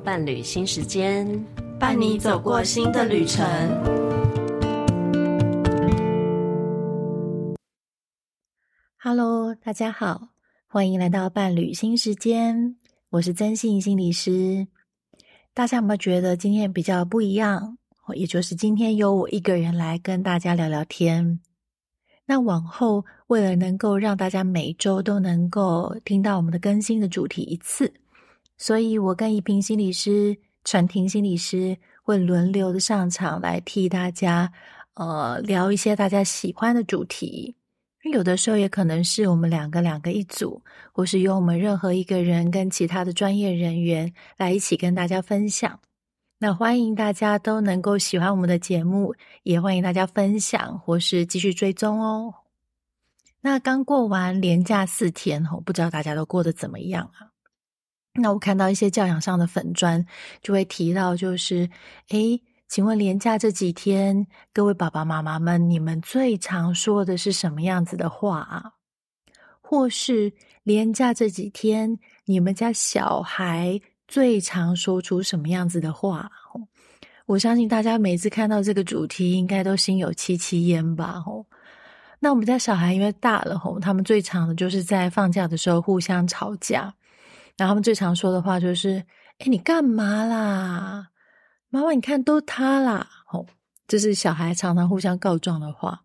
伴侶新時間，伴你走過新的旅程。Hello，大家好，歡迎來到伴侶新時間，我是曾心怡心理師。大家有沒有覺得今天比較不一樣？也就是今天由我一個人來跟大家聊聊天。那往後為了能夠讓大家每周都能夠聽到我們的更新的主題一次。所以，我跟一平心理師、傳婷心理師會輪流的上場來替大家，呃，聊一些大家喜歡的主題。有的時候也可能是我們兩個兩個一組，或是由我們任何一個人跟其他的專業人員來一起跟大家分享。那歡迎大家都能夠喜歡我們的節目，也歡迎大家分享或是繼續追蹤哦。那剛過完連假四天哦，不知道大家都過得怎麼樣啊？那我看到一些教養上的粉專，就會提到，就是，誒，請問連假這幾天，各位爸爸媽媽們，你們最常說的是什麼樣子的話啊？或是連假這幾天，你們家小孩最常說出什麼樣子的話？我相信大家每次看到這個主題，應該都心有戚戚焉吧？哦，那我們家小孩因為大了，吼，他們最常的就是在放假的時候互相吵架。然後他們最常說的話就是：“誒你幹嘛啦？媽媽，你看都塌啦！”吼這、就是小孩常常互相告狀的話。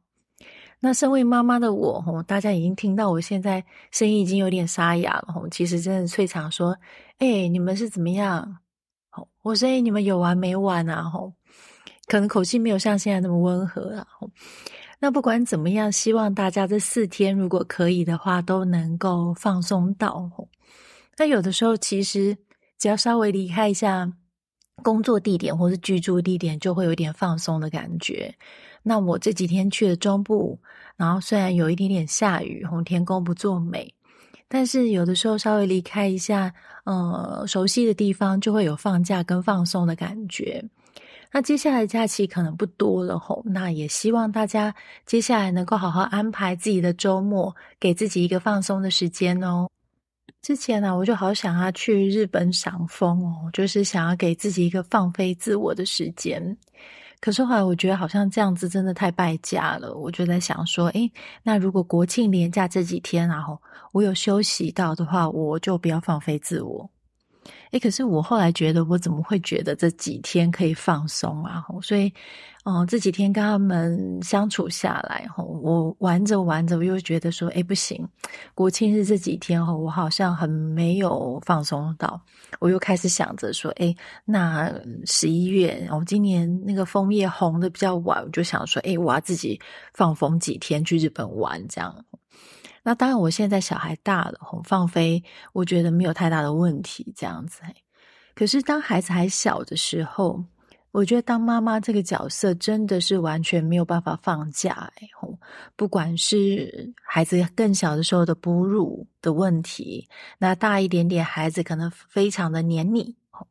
那身為媽媽的我，吼，大家已經聽到，我現在聲音已經有點沙啞了。吼，其實真的最常說：“誒你們是怎麼樣？”吼我說誒你們有完沒完啊？吼，可能口氣沒有像現在那麼溫和了、啊。吼，那不管怎麼樣，希望大家這四天如果可以的話，都能夠放鬆到。那有的時候，其實只要稍微離開一下工作地點或是居住地點，就會有點放鬆的感覺。那我這幾天去了中部，然後雖然有一點點下雨，吼，天公不作美，但是有的時候稍微離開一下，呃，熟悉的地方，就會有放假跟放鬆的感覺。那接下來假期可能不多了吼，那也希望大家接下來能夠好好安排自己的週末，給自己一個放鬆的時間哦。之前呢、啊，我就好想要去日本賞楓哦，就是想要給自己一個放飛自我的時間。可是後來我覺得好像這樣子真的太敗家了，我就在想說，哎、欸，那如果國慶連假這幾天、啊，然後我有休息到的話，我就不要放飛自我。哎、欸，可是我後來覺得，我怎麼會覺得這幾天可以放鬆啊？所以。哦，這幾天跟他們相處下來，吼，我玩着玩着，我又覺得說，哎，不行，國慶日這幾天，吼，我好像很沒有放鬆到，我又開始想着說，哎，那十一月，我今年那個楓葉紅得比較晚，我就想說，哎，我要自己放風幾天去日本玩這樣。那當然，我現在小孩大了，吼，放飛我覺得沒有太大的問題這樣子。可是當孩子還小的時候，我覺得當媽媽這個角色真的是完全沒有辦法放假，哦。不管是孩子更小的時候的哺乳的問題，那大一點點孩子可能非常的黏你，哦，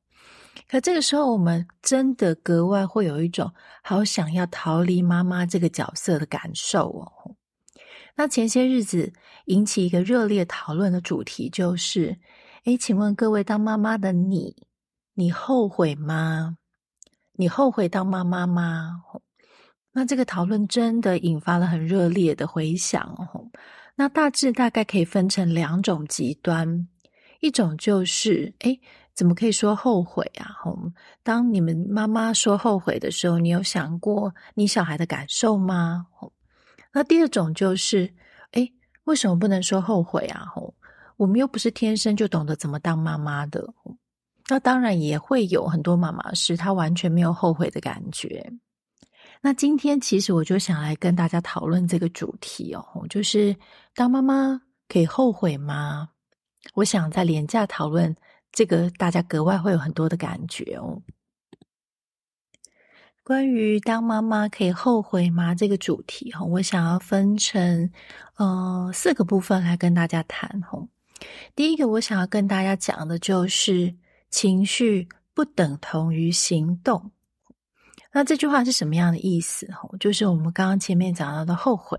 可這個時候我們真的格外會有一種好想要逃離媽媽這個角色的感受哦。那前些日子引起一個熱烈討論的主題就是：哎，請問各位，當媽媽的你，你後悔嗎？你後悔當媽媽嗎？那這個討論真的引發了很熱烈的回響哦。那大致大概可以分成兩種極端，一種就是哎，怎麼可以說後悔啊？當你們媽媽說後悔的時候，你有想過你小孩的感受嗎？那第二種就是哎，為什麼不能說後悔啊？我們又不是天生就懂得怎麼當媽媽的。那當然也會有很多媽媽是她完全沒有後悔的感覺。那今天其實我就想來跟大家討論這個主題哦，就是當媽媽可以後悔嗎？我想在連假討論這個，大家格外會有很多的感覺哦。關於當媽媽可以後悔嗎這個主題哦，我想要分成呃四個部分來跟大家談哦。第一個我想要跟大家講的就是。情緒不等同於行動，那這句話是什麼樣的意思？就是我們剛剛前面講到的後悔，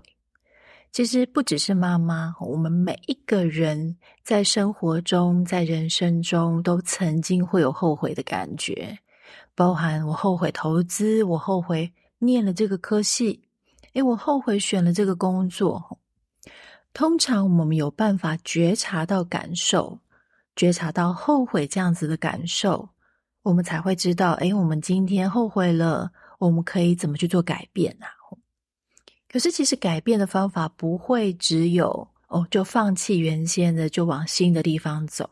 其實不只是媽媽，我們每一個人在生活中、在人生中，都曾經會有後悔的感覺，包含我後悔投資，我後悔念了這個科系，誒我後悔選了這個工作。通常我們有辦法覺察到感受。覺察到後悔這樣子的感受，我們才會知道，誒、哎，我們今天後悔了，我們可以怎麼去做改變啊？可是其實改變的方法不會只有哦，就放棄原先的，就往新的地方走。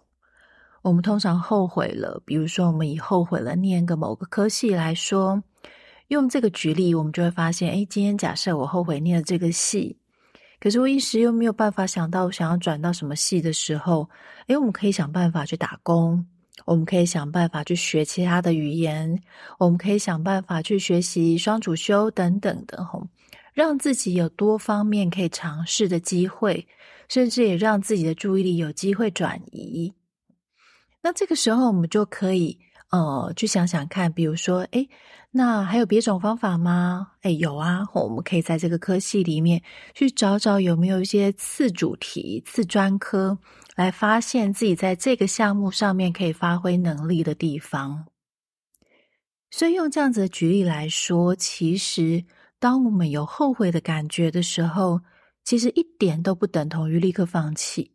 我們通常後悔了，比如說我們以後悔了念個某個科系來說，用這個舉例，我們就會發現，誒、哎，今天假設我後悔念了這個系。可是我一時又沒有辦法想到我想要轉到什麼系的時候，誒，我們可以想辦法去打工，我們可以想辦法去學其他的語言，我們可以想辦法去學習雙主修等等的吼，讓自己有多方面可以嘗試的機會，甚至也讓自己的注意力有機會轉移。那這個時候我們就可以。呃，去想想看，比如說，哎，那還有別種方法嗎？哎，有啊，我們可以在這個科系裡面去找找，有沒有一些次主題、次專科，來發現自己在這個項目上面可以發揮能力的地方。所以用這樣子的舉例來說，其實當我們有後悔的感覺的時候，其實一點都不等同於立刻放棄。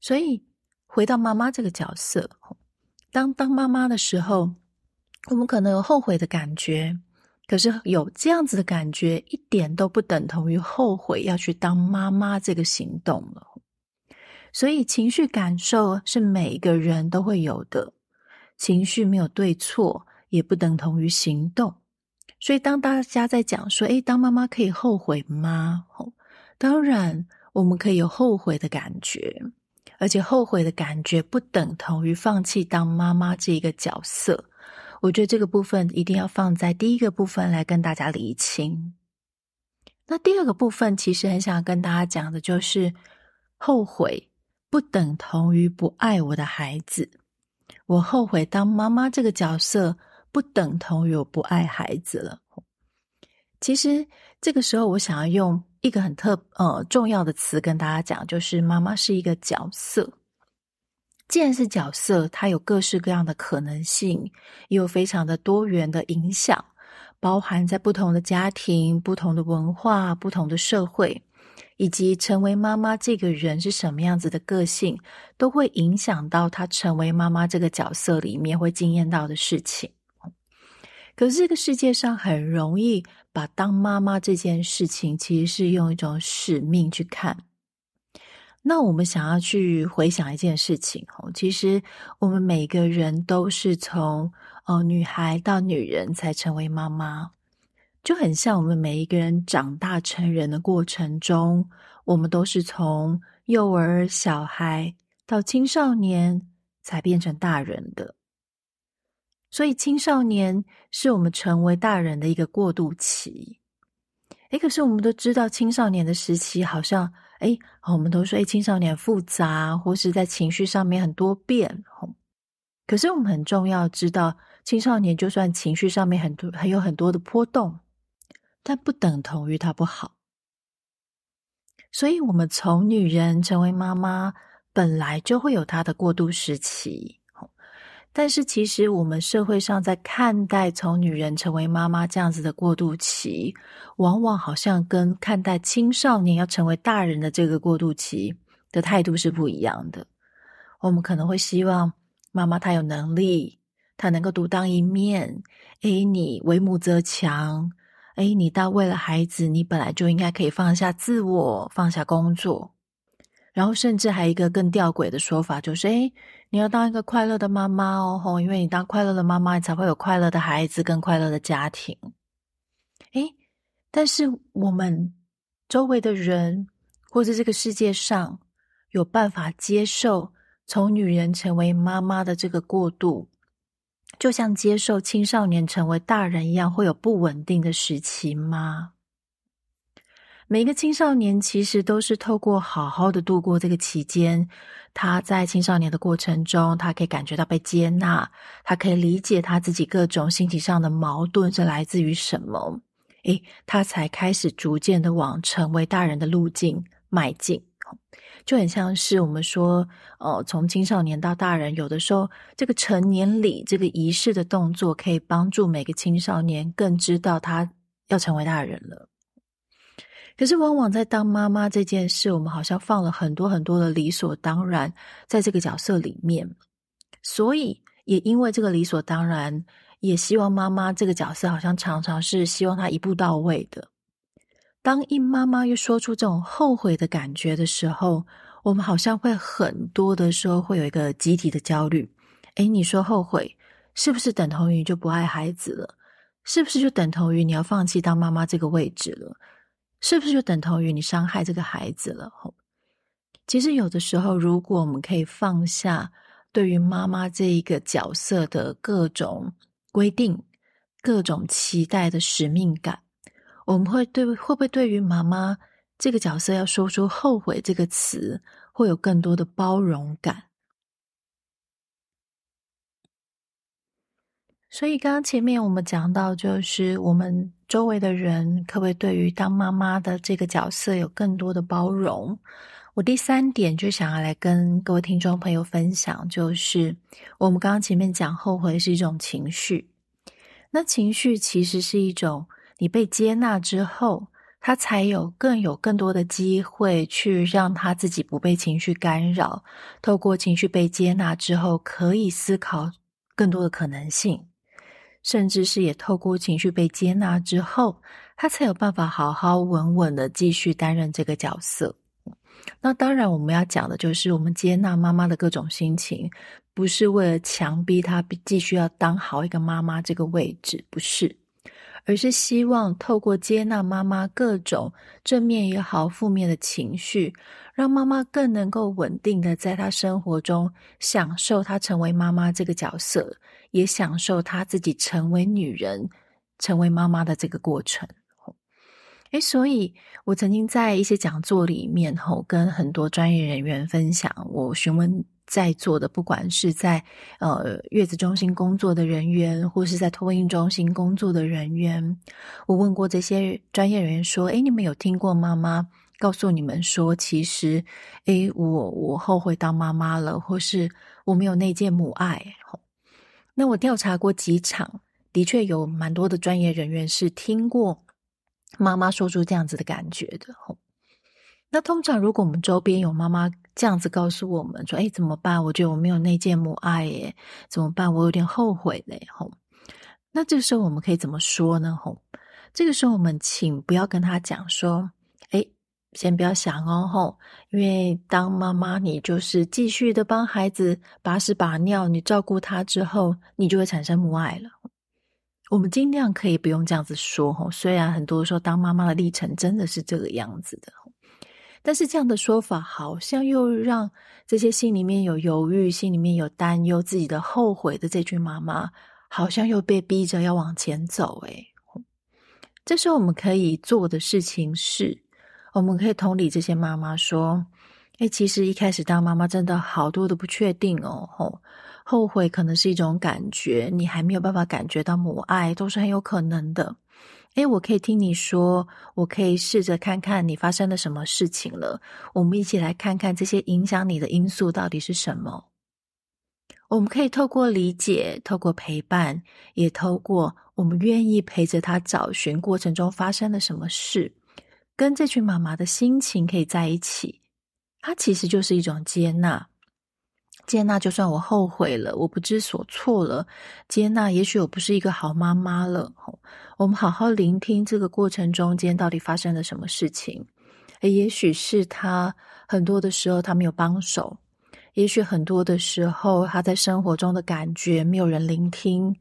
所以回到媽媽這個角色。當當媽媽的時候，我們可能有後悔的感覺，可是有這樣子的感覺，一點都不等同於後悔要去當媽媽這個行動了。所以情緒感受是每一個人都會有的，情緒沒有對錯，也不等同於行動。所以當大家在講說“誒，當媽媽可以後悔嗎？”哦，當然我們可以有後悔的感覺。而且後悔的感覺不等同於放棄當媽媽這一個角色，我覺得這個部分一定要放在第一個部分來跟大家釐清。那第二個部分其實很想跟大家講的就是，後悔不等同於不愛我的孩子，我後悔當媽媽這個角色不等同於我不愛孩子了。其實這個時候，我想要用一個很特呃重要的詞跟大家講，就是媽媽是一個角色。既然是角色，它有各式各樣的可能性，也有非常的多元的影響，包含在不同的家庭、不同的文化、不同的社會，以及成為媽媽這個人是什麼樣子的個性，都會影響到她成為媽媽這個角色裡面會經驗到的事情。可是這個世界上很容易。把當媽媽這件事情，其實是用一種使命去看。那我們想要去回想一件事情哦，其實我們每個人都是從哦女孩到女人才成為媽媽，就很像我們每一個人長大成人的過程中，我們都是從幼兒小孩到青少年才變成大人的。所以，青少年是我們成為大人的一個過渡期。誒，可是我們都知道，青少年的時期好像，誒，我們都說，誒青少年複雜，或是在情緒上面很多變。吼，可是我們很重要知道，青少年就算情緒上面很多，還有很多的波動，但不等同於他不好。所以，我們從女人成為媽媽，本來就會有她的過渡時期。但是，其實我們社會上在看待從女人成為媽媽這樣子的過渡期，往往好像跟看待青少年要成為大人的這個過渡期的態度是不一樣的。我們可能會希望媽媽她有能力，她能夠獨當一面。誒、哎，你為母則強。誒、哎，你到為了孩子，你本來就應該可以放下自我，放下工作。然後甚至還有一個更吊詭的說法，就是：誒，你要當一個快樂的媽媽哦，因為你當快樂的媽媽，你才會有快樂的孩子跟快樂的家庭。誒，但是我們周圍的人，或者這個世界上，有辦法接受從女人成為媽媽的這個過渡，就像接受青少年成為大人一樣，會有不穩定的時期嗎？每一個青少年其實都是透過好好的度過這個期間，他在青少年的過程中，他可以感覺到被接納，他可以理解他自己各種心理上的矛盾是來自於什麼，誒，他才開始逐漸的往成為大人的路徑邁進，就很像是我們說，哦，從青少年到大人，有的時候這個成年禮這個儀式的動作，可以幫助每個青少年更知道他要成為大人了。可是，往往在當媽媽這件事，我們好像放了很多很多的理所當然在這個角色裡面，所以也因為這個理所當然，也希望媽媽這個角色好像常常是希望她一步到位的。當一媽媽又說出這種後悔的感覺的時候，我們好像會很多的時候會有一個集體的焦慮。哎，你說後悔，是不是等同於就不愛孩子了？是不是就等同於你要放棄當媽媽這個位置了？是不是就等同於你傷害這個孩子了？其實有的時候，如果我們可以放下對於媽媽這一個角色的各種規定、各種期待的使命感，我們會對，會不會對於媽媽這個角色，要說出“後悔”這個詞，會有更多的包容感？所以，剛剛前面我們講到，就是我們。周圍的人可不可以對於當媽媽的這個角色有更多的包容？我第三點就想要來跟各位聽眾朋友分享，就是我們剛剛前面講後悔是一種情緒，那情緒其實是一種你被接納之後，他才有更有更多的機會去讓他自己不被情緒干擾，透過情緒被接納之後，可以思考更多的可能性。甚至是也透過情緒被接納之後，他才有辦法好好穩穩的繼續擔任這個角色。那當然，我們要講的就是，我們接納媽媽的各種心情，不是為了強逼她繼續要當好一個媽媽這個位置，不是。而是希望透過接納媽媽各種正面也好、負面的情緒，讓媽媽更能夠穩定的在她生活中享受她成為媽媽這個角色，也享受她自己成為女人、成為媽媽的這個過程。誒、欸、所以我曾經在一些講座裡面，後跟很多專業人員分享，我詢問。在座的，不管是在呃月子中心工作的人員，或是在托嬰中心工作的人員，我問過這些專業人員說：“誒，你們有聽過媽媽告訴你們說，其實，誒，我我後悔當媽媽了，或是我沒有那件母愛？”那我調查過幾場，的確有蠻多的專業人員是聽過媽媽說出這樣子的感覺的，那通常，如果我們周邊有媽媽這樣子告訴我們說：“哎，怎麼辦？我覺得我沒有內建母愛耶，怎麼辦？我有點後悔嘞。”吼，那這個時候我們可以怎麼說呢？吼，這個時候我們請不要跟他講說：“哎，先不要想哦。”吼，因為當媽媽，你就是繼續的幫孩子把屎把尿，你照顧他之後，你就會產生母愛了。我們盡量可以不用這樣子說。吼，雖然很多時候當媽媽的歷程真的是這個樣子的。但是這樣的說法，好像又讓這些心裡面有猶豫、心裡面有擔憂、自己的後悔的這群媽媽，好像又被逼着要往前走。誒。這時候我們可以做的事情是，我們可以同理這些媽媽說，哎、欸，其實一開始當媽媽真的好多的不確定哦，後悔可能是一種感覺，你還沒有辦法感覺到母愛，都是很有可能的。哎，我可以聽你說，我可以試着看看你發生了什麼事情了。我們一起來看看這些影響你的因素到底是什麼。我們可以透過理解，透過陪伴，也透過我們願意陪着他找尋過程中發生了什麼事，跟這群媽媽的心情可以在一起。它其實就是一種接納。接納，就算我後悔了，我不知所措了。接納，也許我不是一個好媽媽了。吼，我們好好聆聽這個過程中間到底發生了什麼事情。也許是他很多的時候他沒有幫手，也許很多的時候他在生活中的感覺沒有人聆聽。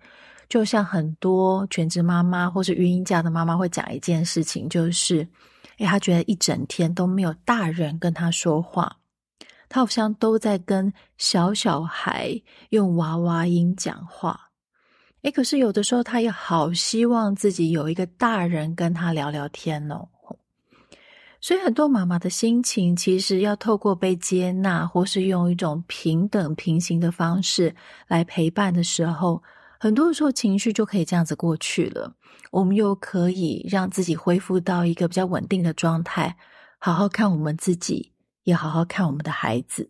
就像很多全職媽媽或者育嬰假的媽媽會講一件事情，就是哎，她覺得一整天都沒有大人跟她說話。他好像都在跟小小孩用娃娃音講話，誒、欸，可是有的時候他也好希望自己有一個大人跟他聊聊天哦。所以很多媽媽的心情，其實要透過被接納，或是用一種平等平行的方式來陪伴的時候，很多的時候情緒就可以這樣子過去了。我們又可以讓自己恢復到一個比較穩定的狀態，好好看我們自己。也好好看我們的孩子，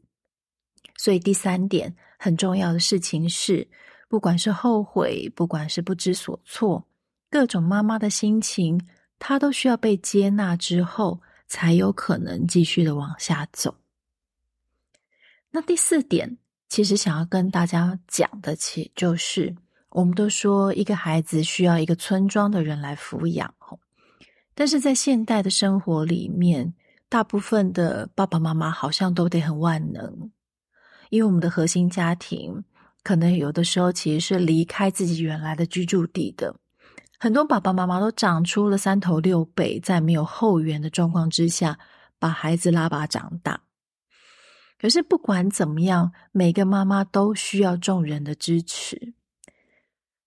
所以第三點很重要的事情是，不管是後悔，不管是不知所措，各種媽媽的心情，她都需要被接納之後，才有可能繼續的往下走。那第四點，其實想要跟大家講的其實就是我們都說一個孩子需要一個村莊的人來撫養哦，但是在現代的生活裡面，大部分的爸爸媽媽好像都得很萬能，因為我們的核心家庭可能有的時候其實是離開自己原來的居住地的。很多爸爸媽媽都長出了三頭六臂，在沒有後援的狀況之下，把孩子拉拔長大。可是不管怎麼樣，每個媽媽都需要眾人的支持。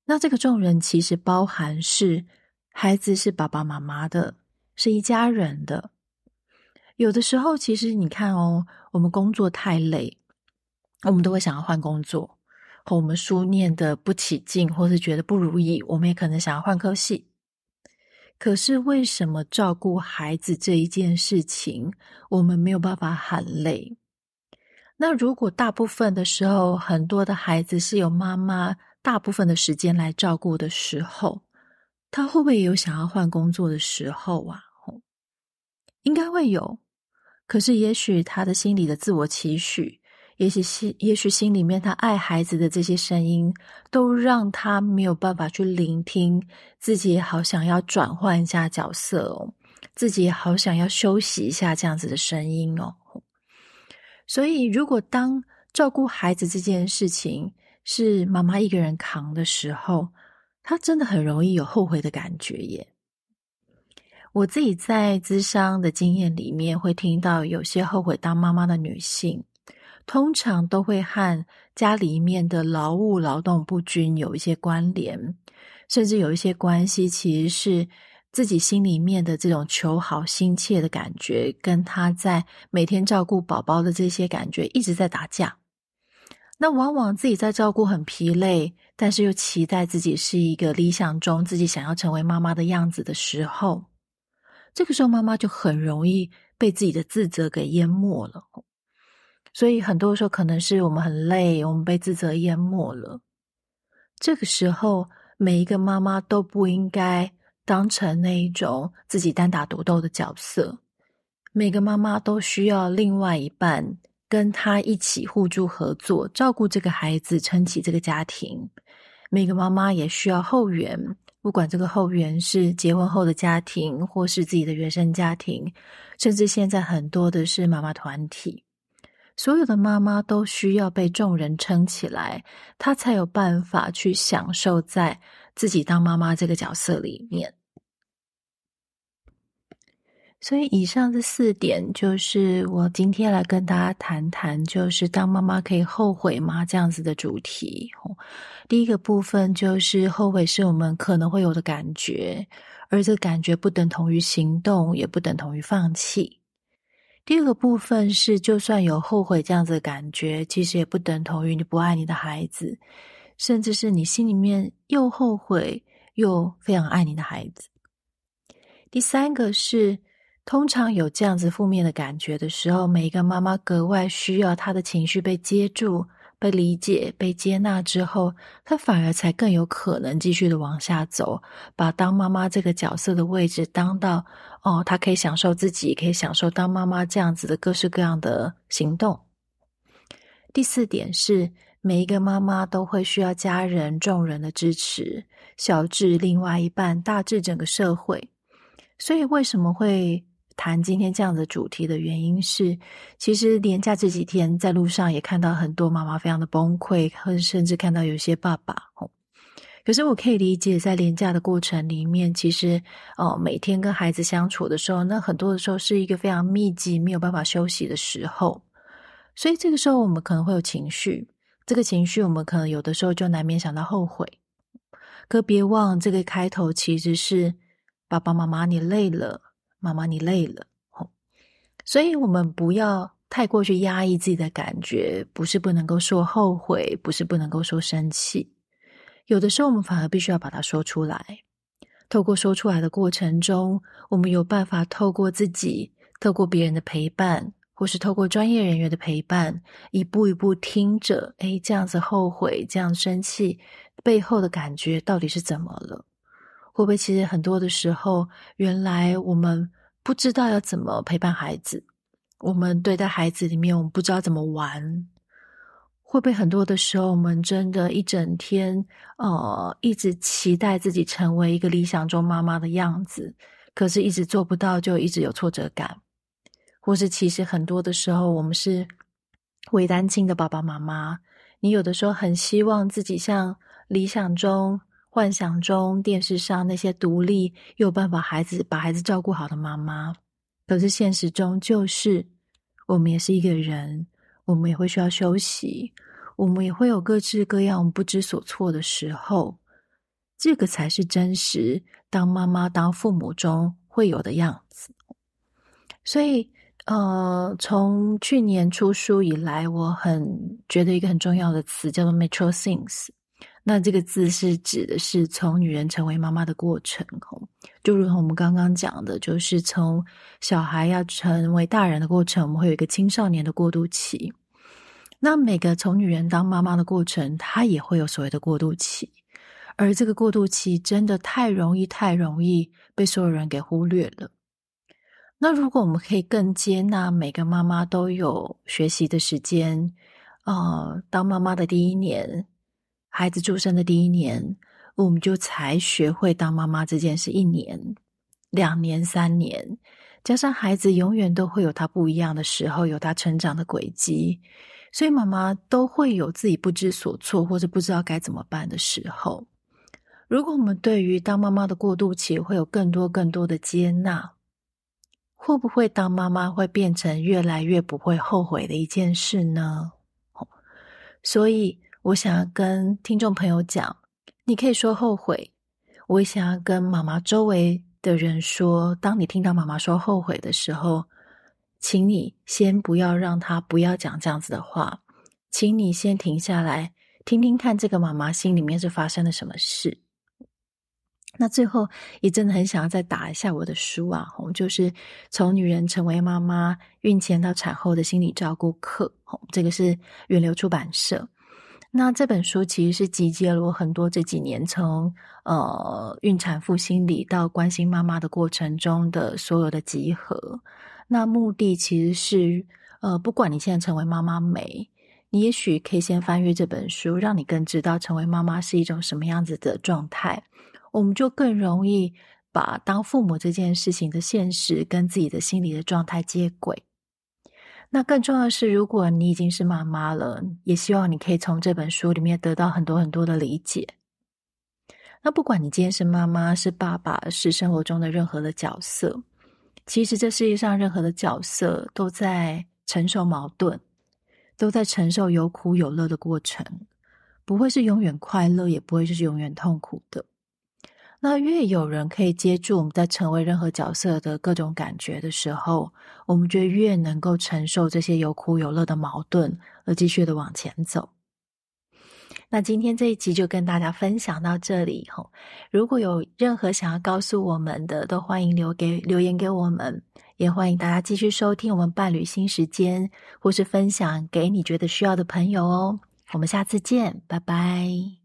那這個眾人其實包含是孩子，是爸爸媽媽的，是一家人的。有的時候，其實你看哦，我們工作太累，我們都會想要換工作；和我們書念得不起勁，或是覺得不如意，我們也可能想要換科系。可是，為什麼照顧孩子這一件事情，我們沒有辦法喊累？那如果大部分的時候，很多的孩子是由媽媽大部分的時間來照顧的時候，他會不會也有想要換工作的時候啊？應該會有。可是，也許他的心裡的自我期許，也許心，也許心裡面他愛孩子的這些聲音，都讓他沒有辦法去聆聽，自己好想要轉換一下角色哦，自己好想要休息一下這樣子的聲音哦。所以，如果當照顧孩子這件事情是媽媽一個人扛的時候，他真的很容易有後悔的感覺耶。我自己在諮商的經驗裡面，會聽到有些後悔當媽媽的女性，通常都會和家裡面的勞務勞動不均有一些關聯，甚至有一些關係其實是自己心裡面的這種求好心切的感覺，跟她在每天照顧寶寶的這些感覺一直在打架。那往往自己在照顧很疲累，但是又期待自己是一個理想中自己想要成為媽媽的樣子的時候，這個時候，媽媽就很容易被自己的自責給淹沒了。所以，很多時候可能是我們很累，我們被自責淹沒了。這個時候，每一個媽媽都不應該當成那一種自己單打獨鬥的角色。每個媽媽都需要另外一半跟她一起互助合作，照顧這個孩子，撐起這個家庭。每個媽媽也需要後援。不管這個後援是結婚後的家庭，或是自己的原生家庭，甚至現在很多的是媽媽團體，所有的媽媽都需要被眾人撐起來，她才有辦法去享受在自己當媽媽這個角色裡面。所以，以上這四點就是我今天來跟大家談談，就是當媽媽可以後悔嗎？這樣子的主題。第一個部分就是後悔是我們可能會有的感覺，而這個感覺不等同於行動，也不等同於放棄。第二個部分是，就算有後悔這樣子的感覺，其實也不等同於你不愛你的孩子，甚至是你心裡面又後悔又非常愛你的孩子。第三個是。通常有這樣子負面的感覺的時候，每一個媽媽格外需要她的情緒被接住、被理解、被接納之後，她反而才更有可能繼續的往下走，把當媽媽這個角色的位置當到哦，她可以享受自己，可以享受當媽媽這樣子的各式各樣的行動。第四點是，每一個媽媽都會需要家人、眾人的支持，小至另外一半，大至整個社會，所以為什麼會？談今天這樣的主題的原因是，其實連假這幾天在路上也看到很多媽媽非常的崩潰，或甚至看到有些爸爸哦。可是我可以理解，在連假的過程裡面，其實哦每天跟孩子相處的時候，那很多的時候是一個非常密集、沒有辦法休息的時候，所以這個時候我們可能會有情緒，這個情緒我們可能有的時候就難免想到後悔。可別忘，這個開頭其實是爸爸媽媽，你累了。媽媽，你累了哦，所以我們不要太過去壓抑自己的感覺，不是不能夠說後悔，不是不能夠說生氣，有的時候我們反而必須要把它說出來。透過說出來的過程中，我們有辦法透過自己，透過別人的陪伴，或是透過專業人員的陪伴，一步一步聽着，哎，這樣子後悔，這樣生氣，背後的感覺到底是怎麼了？會不會其實很多的時候，原來我們不知道要怎麼陪伴孩子，我們對待孩子裡面，我們不知道怎麼玩。會不會很多的時候，我們真的，一整天，呃，一直期待自己成為一個理想中媽媽的樣子，可是一直做不到，就一直有挫折感。或是其實很多的時候，我們是偽單親的爸爸媽媽，你有的時候很希望自己像理想中。幻想中電視上那些獨立又有辦法孩子把孩子照顧好的媽媽，可是現實中就是我們也是一個人，我們也會需要休息，我們也會有各式各樣不知所措的時候，這個才是真實當媽媽當父母中會有的樣子。所以，呃，從去年出書以來，我很覺得一個很重要的詞叫做 mature things”。那這個字是指的是從女人成為媽媽的過程吼，就如同我們剛剛講的，就是從小孩要成為大人的過程，我們會有一個青少年的過渡期。那每個從女人當媽媽的過程，它也會有所謂的過渡期，而這個過渡期真的太容易、太容易被所有人給忽略了。那如果我們可以更接納每個媽媽都有學習的時間，呃，當媽媽的第一年。孩子出生的第一年，我們就才學會當媽媽這件事，一年、兩年、三年，加上孩子永遠都會有他不一樣的時候，有他成長的軌跡，所以媽媽都會有自己不知所措或者不知道該怎麼辦的時候。如果我們對於當媽媽的過渡期會有更多更多的接納，會不會當媽媽會變成越來越不會後悔的一件事呢？所以。我想要跟聽眾朋友講，你可以說後悔。我也想要跟媽媽周圍的人說，當你聽到媽媽說後悔的時候，請你先不要讓她不要講這樣子的話，請你先停下來聽聽看，這個媽媽心裡面是發生了什麼事。那最後也真的很想要再打一下我的書啊，就是從女人成為媽媽，孕前到產後的心理照顧課，這個是遠流出版社。那這本書其實是集結了我很多這幾年從呃孕產婦心理到關心媽媽的過程中的所有的集合。那目的其實是，呃，不管你現在成為媽媽沒，你也許可以先翻閱這本書，讓你更知道成為媽媽是一種什麼樣子的狀態，我們就更容易把當父母這件事情的現實跟自己的心理的狀態接軌。那更重要的是，如果你已經是媽媽了，也希望你可以從這本書裡面得到很多很多的理解。那不管你今天是媽媽、是爸爸、是生活中的任何的角色，其實這世界上任何的角色都在承受矛盾，都在承受有苦有樂的過程，不會是永遠快樂，也不會就是永遠痛苦的。那越有人可以接住我們在成為任何角色的各種感覺的時候，我們就越能夠承受這些有苦有樂的矛盾，而繼續的往前走。那今天這一集就跟大家分享到這裡，如果有任何想要告訴我們的，都歡迎留給留言給我們，也歡迎大家繼續收聽我們伴侶新時間，或是分享給你覺得需要的朋友哦。我們下次見，拜拜。